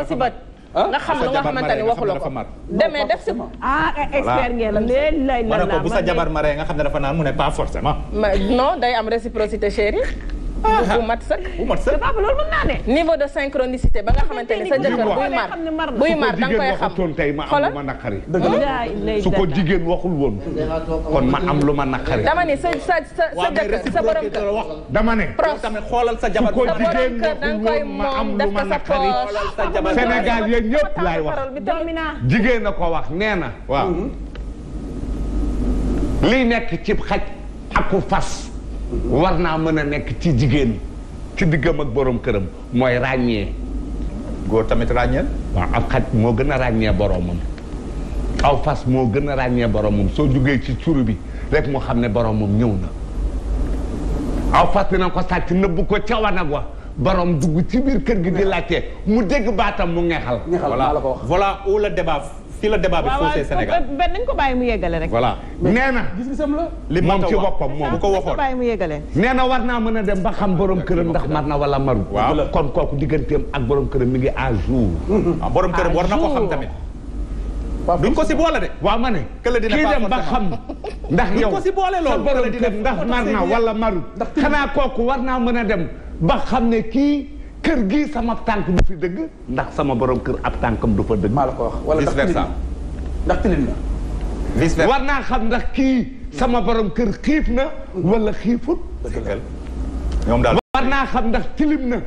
ko si bët. Ah, na xam lu nga xamante ne waxu la ko demee def si ko. ah, ah expert ngeen la léeg-léeg. la la bu sa jabar maree nga xam ne dafa naan mu ne pas forcément. non day am réciprocité chérie Ah, bu mat sëkk bu mat sëkk papa loolu mën naa ne niveau de synchronicité ba nga xamante ne sa jëkkër buy mar buy mar da nga koy xam xoolal tey ma am lu ma naqari su ko jigéen waxul woon kon ma am lu ma naqari dama ne sa sa sa sa jëkkër sa borom kër wax dama ne tamit xoolal sa jabar su ko jigéen waxul woon ma am lu ma naqari Sénégal yéen ñëpp laay wax jigéen a ko wax nee na waaw mm-hmm. lii nekk cib xaj aku fas war naa mën a nekk ci jigéen ci diggam ak borom këram mooy ràññee góor tamit ràññeel waaw ab moo gën a ràññee boromam aw fas moo gën a ràññee boromam soo jugee ci suru bi rek moo xam ne boromam ñëw na aw fas dina ko sàcc nëbb ko ca wanag wa borom dugg ci biir kër gi di laajte mu dégg baatam mu ngexal voilà voilà où le débat fii la débat bi faussé Sénégal ben nañ ko bàyyi mu yegale na. gis-gisam la li moom ci boppam moom ko waxoon bàyyi mu yegale. nee na war naa mën a ba xam borom kër ndax mar na wala maru. waaw kon kooku digganteem ak borom këram mi ngi à jour. waaw ah, borom këram war na ko xam tamit. duñ ko si boole de. waaw ma ne. kii dem ba xam. ndax yow sa borom kër ndax mar na wala maru. xanaa kooku war naa mën a dem ba xam ne kii. kër gii sama tànk du fi dëgg ndax sama borom kër ab tànkam du fa dëgg. maa la ko wax wala ndax tilim ndax tilim na. vice versa war naa xam ndax kii sama borom kër xiif na wala xiifut. ñoom daal naa xam ndax tilim na.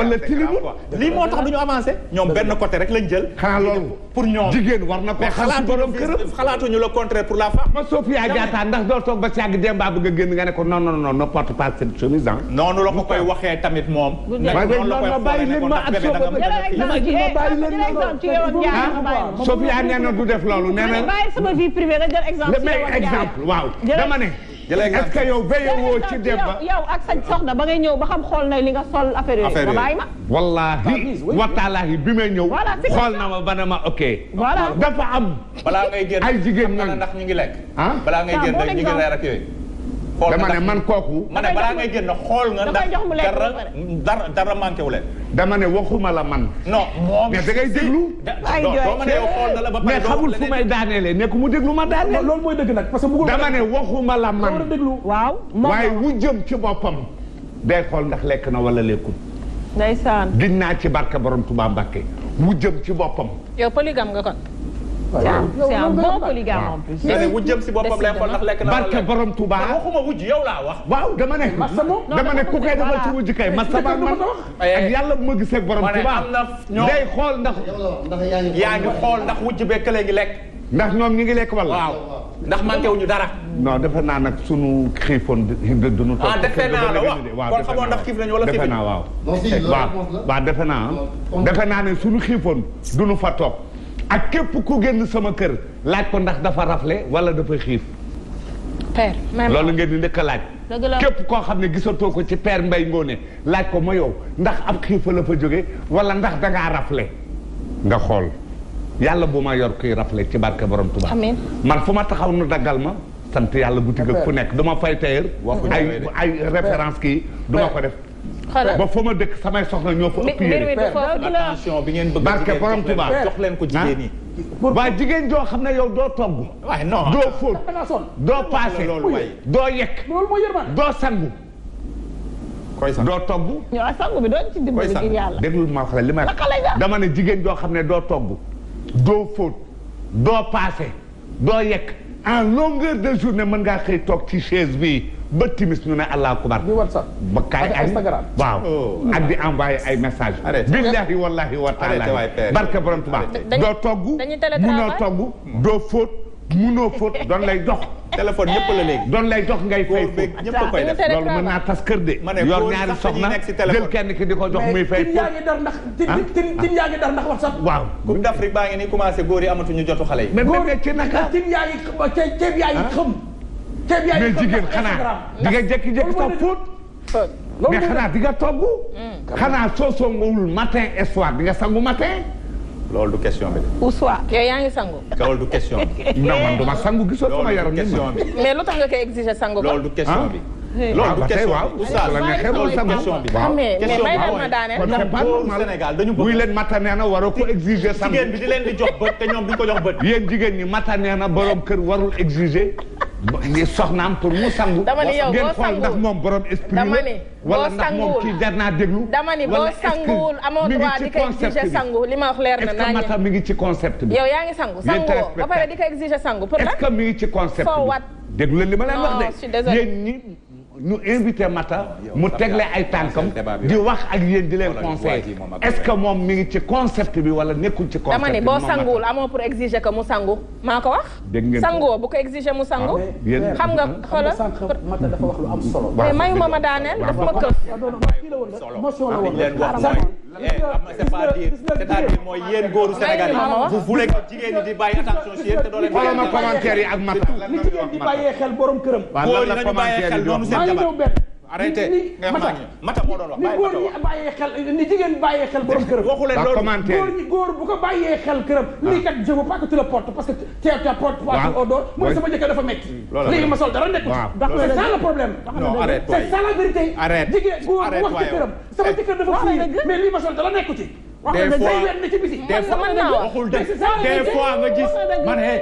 wala tilimul lii moo tax du ñu avancé. ñoom benn côté rek lañ jël. xanaa loolu pour ñoom jigéen war na ko xam si borom këram xalaatuñu le contraire pour la femme. ma Sophia Diatta ndax doo toog ba si àgg Demba bëgg a génn nga ne ko non non non ne porte pas cette chemise ah. noonu la ko koy waxee tamit moom. ma bàyyi leen ma ak Sophia ma bàyyi leen ma. Sophia nee na du def loolu nee na. bàyyi sama vie privée nga jël exemple. waaw dama ne. est-ce yow béyewoo ci Demba yow ak sa soxna ba ngay ñëw ba xam xool na ni nga sol affaire yooyu nga bàyyi ma wallahi wataalaahi bi may ñëw xool na ma ba na ma ok dafa am balaa ngay génn ay jigéen ñi ndax ñu ngi lekk ah? balaa ngay génn ñu ngi reer ak yooyu dama ne man kooku. ma ne balaa ngay génn xool nga ndax dara dara manqué wu leen. dama ne waxuma la man. non moom mais da ngay déglu. ay jooy mais xamul fu may daaneele nekk mu déglu ma daaneel. loolu mooy dëgg nag parce que bëggul dama ne waxuma la man. waaw waaye wu jëm ci boppam. day xool ndax lekk na wala lekkul. ndeysaan. ginnaaw ci barke borom Touba Mbakke wu jëm ci boppam. yow polygame nga kon. c'est un bon polygame en plus. mais wujj jëm si boppam lay xool ndax lekk na barke borom Touba waxuma wujj yow laa wax. waaw dama ne. dama ne ku koy defal ci wujj kay masaba man ak yàlla bu ma gisee borom Touba day xool ndax. yaa ngi xool ndax wujj bee kële ngi lekk. ndax ñoom ñi ngi lekk wala. waaw ndax manqué wuñu dara. non defe naa nag sunu xiifoon du du nu. ah defe naa la waaw kon xamoon ndax xiif nañu wala xiif nañu waaw. Eh, waaw defe naa. defe naa ne sunu xiifoon du nu fa toog ak képp ku génn sama kër laaj ko ndax dafa rafle wala dafa xiif. père loolu ngeen di ndëkk a laaj. képp koo xam ne gisatoo ko ci peer Mbaye Ngoné laaj ko ma yow ndax ab xiifa la fa jóge wala ndax dangaa rafle nga xool yàlla bu ma yor kuy rafle ci barke borom Touba. amiin man fu ma taxaw nu daggal ma. sant yàlla bu ak ku nekk duma fay tailleur. ay ay référence kii duma ko def. ba fa ma dëkk samay soxna ñoo fa ëpp bi ngeen bëgg barke borom Tuuba jox leen ko jigéen yi ah? waa jigéen joo xam ne yow doo togg waay non doo fóot doo paase doo yekk doo sangu koy sang doo togg ñoo ah, sangu bi doon jigéen joo xam ne doo togg doo fóot doo paase doo yekk en longueur de journée mën ngaa xëy toog ci chaise bi ba timis ñu ne allah kubar. di whatsapp ba kaay ay waaw. Oh. ak di ay message billahi wallahi wa taala barka borom Tuubaa doo togg munoo togg doo fóot lay dox. téléphone ñëpp la léegi. doon lay dox ngay fay fóot. ñëpp koy def loolu mën naa tas kër de. yor ñaari soxna jël kenn ki di ko jox muy fay fóot. mais ah. ah. tin yaa ngi dar ndax tin tin yaa ngi dar ndax whatsapp. waaw Coupe d'Afrique baa ngi nii commencé góor yi amatuñu jotu xale yi. mais góor yi ci naka tin yaa ngi ceeb yaa ah. mais jigéen xanaa di nga jékki-jékki sa fóot. mais xanaa di nga togg. Mm. xanaa soo songowul matin et soir di nga sangu matin. loolu du question bi. ou soit yow yaa ngi sangu. loolu du question bi. non man ma. mais lu tax nga koy sangu ko. loolu du question bi. Ah. loolu du question bi oustaz loolu du question bi. waaw ah, mais mais may leen ma daaneel. ndax boobu Sénégal dañu bëgg. buy leen matanee na waroo ko exiger. sangu bi di leen di ko jox bët. yéen jigéen ñi matanee na borom kër warul exiger. soxnaam pour mu sangu. mu ni yow boo sangu ndax moom borom esprit dama ni wala ndax moom kii jar naa déglu. dama ni boo sanguwul amoo droit di ko sangu li ma wax leer na naa mi ngi ci concept bi. yow yaa ngi sangu sangu woo ba pare di ko sangu. pour li ma leen wax ñu invité Mata mu tegle ay tànkam di wax ak yéen di leen conseil est-ce que moom mi ngi ci concept bi wala nekkul ci concept dama ne boo sanguwul amoo pour exiger que mu sangu maa ko wax dégg sangoo bu ko exiger mu sangu ah, xam nga xoolal Mata dafa wax lu am solo mais mayu ma ma daaneel dafa ma këf c'est pas dire c'est-à-dire mooy yéen góoru Sénégal yi vous di bàyyi attention commentaire yi ak Matta ni jigéen di bàyyee xel borom këram góor yi nañu bàyyee xel doonu arrêté nga xam mata moo doon wax ni góor ñi bàyyee xel ni jigéen bàyyee xel borom këram waxu ah. parce que tu as porte pas au dos mooy sama jëkkër dafa métti lii ma sol dara nekkul c'est ça le problème wax ci këram sama eh. jëkkër dafa fii mais lii ma sol dara nekku des fois des fois waxul dëgg des fois nga gis man hey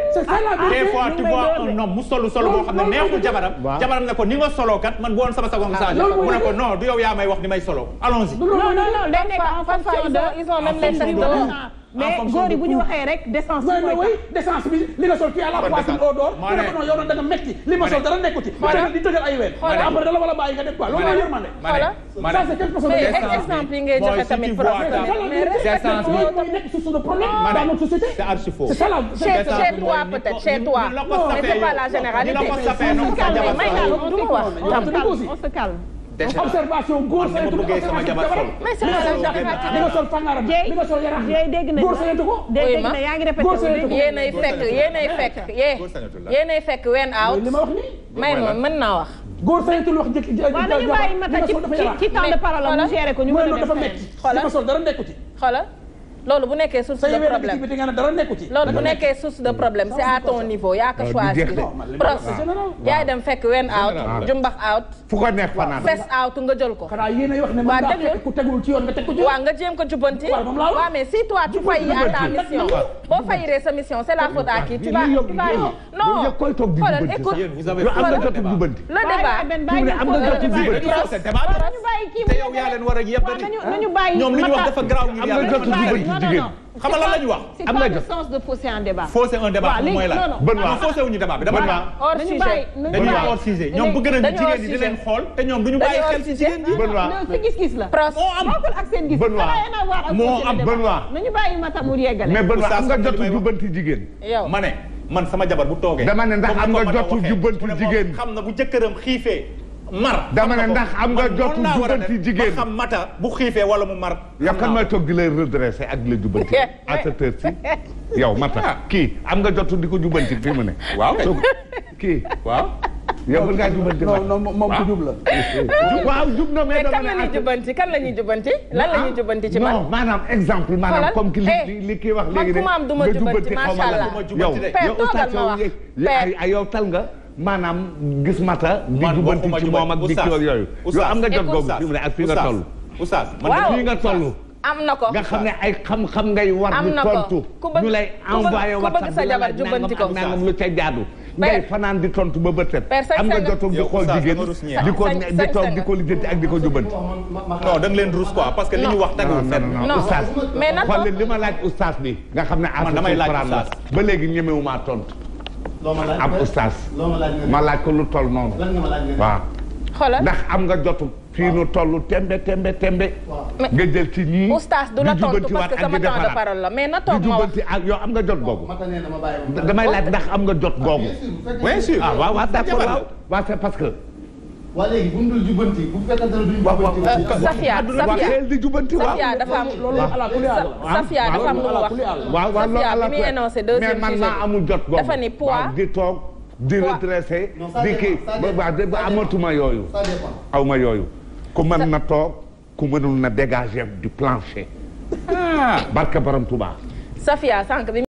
des fois tu vois un homme mu solu solu boo xam ne neexul jabaram. jabaram ne ko ni nga solo kat man bu woon sama sago nga saa mu ne ko non du yow yaa may wax ni may solo allons-y. non non non day nekk en fonction de ils ont même les mais góor yi bu ñu waxee rek décence bi mooy décence bi li nga sol fii à la poitrine au dehors ku ne ko non yow nag da nga metti li ma sol dara nekku ci di tëgal ay ween après da la wala bàyyi nga def quoi loolu la yërmande ça c'est quelque chose exemple yi ngay joxe tamit nekk su suñu problème dans notre société c'est archi faux chez toi peut-être chez toi mais c'est pas la généralité on se calme déjà observation góor saytu ko nga sol fangaram bi nga sol yaram góor saytu ko dégg na yaa ngi répété yéenay fekk yéenay fekk yéenay fekk wen out li ma wax ni may ma mën naa wax góor saytu lu wax jëkk dañu bàyyi mata ci temps de parole mu géré ko ñu mën a def xoolal dafa metti xoolal dara nekku ci xoolal loolu bu nekkee source de problème loolu bu nekkee source de problème c'est à ton niveau yaa ko choisir prof yaay dem fekk wen out jumbax out fu ko neex fanaan fes out nga jël ko xanaa yéen a wax ne waa déglu ku tegul ci yoon nga teg ko ci waaw nga jéem ko jubbanti waaw mais si toi tu faillis à ta mission boo fayiree sa mission c'est la faute à qui tu vas tu vas non xoolal écoute le débat ñu bàyyi kii mu ñu bàyyi ñoom li ñu wax dafa garaaw ñu yàlla jigéen xam nga lan la ñu wax. am na jot c'est pas le sens de fausser un débat. fausser un débat mooy lan Benoît fausser wuñu débat bi dama ne. hors sujet dañuy hors sujet ñoom bëgg nañu jigéen ñi di leen xool te ñoom duñu bàyyi xel ci jigéen ñi. Benoît si gis-gis la. moo am Benoît moo am Benoît. nañu bàyyi Matam mu yeggale. mais Benoît am nga jotu jubbanti jigéen. yow ma ne man sama jabar bu toogee. dama ne ndax am nga jotu jubbanti jigéen. xam na bu jëkkëram xiifee mar dama ne ndax am nga jotu jubanti jigéen xam mata bu xiifee wala mu mar yow kan may toog di lay redressé ak di la jubanti à cette heure ci yow mata ah. kii am nga jotu di ko jubanti fii mu ne waaw kii waaw yow mën ngaa jubanti non non moom ku jub la waaw jub na mais kan la ñuy jubanti kan la ñuy jubanti lan la ah. ñuy jubanti ci man non maanaam exemple maanaam comme ki li eh, li kii wax léegi de man ku ma am du ma jubanti macha allah yow yow eh, eh. yow tal nga maanaam gis mata. di jubanti ci moom ak di kii ak yooyu. yow am nga jot googu fi mu ne ak fi nga toll. oustaz man fi nga toll. am na ko nga xam ne ay xam-xam ngay war di tontu ñu lay envoyé WhatsApp sa jabar jubanti ko nangam lu ca jaadu ngay fanaan di tontu ba bët set am nga jotum di xool jigéen di ko di toog di ko lijjanti ak di ko jubanti non da nga leen rus quoi parce que li ñu wax tegul fenn oustaz xool li ma laaj oustaz bi nga xam ne asaran la ba léegi ñemewumaa tontu ab oustaz ma laaj ko lu toll noonu waaw xoolal ndax am nga jotu fii nu toll tembe tembe tembe nga jël ci ñii oustaz du la tontu parce que sama temps de parole la mais na toog ma wax ak yow am nga jot googu damay laaj ndax am nga jot ah, googu bien sûr ah waaw waaw d'accord waaw waaw c'est parce que waa léegi bu ñu dul jubbanti bu fekkante ne duñ jubbanti. Safia Safia di jubbanti Safia dafa am loolu ala kuli àll Safia dafa am lu wax waaw waaw loolu ala kuli àll mais man maa amul jot boobu dafa ni poids di toog di redressé di kii ba amatuma yooyu aw ma yooyu ku mën na toog ku mënul na dégager du plancher ah, barka Borom Touba Safia sànq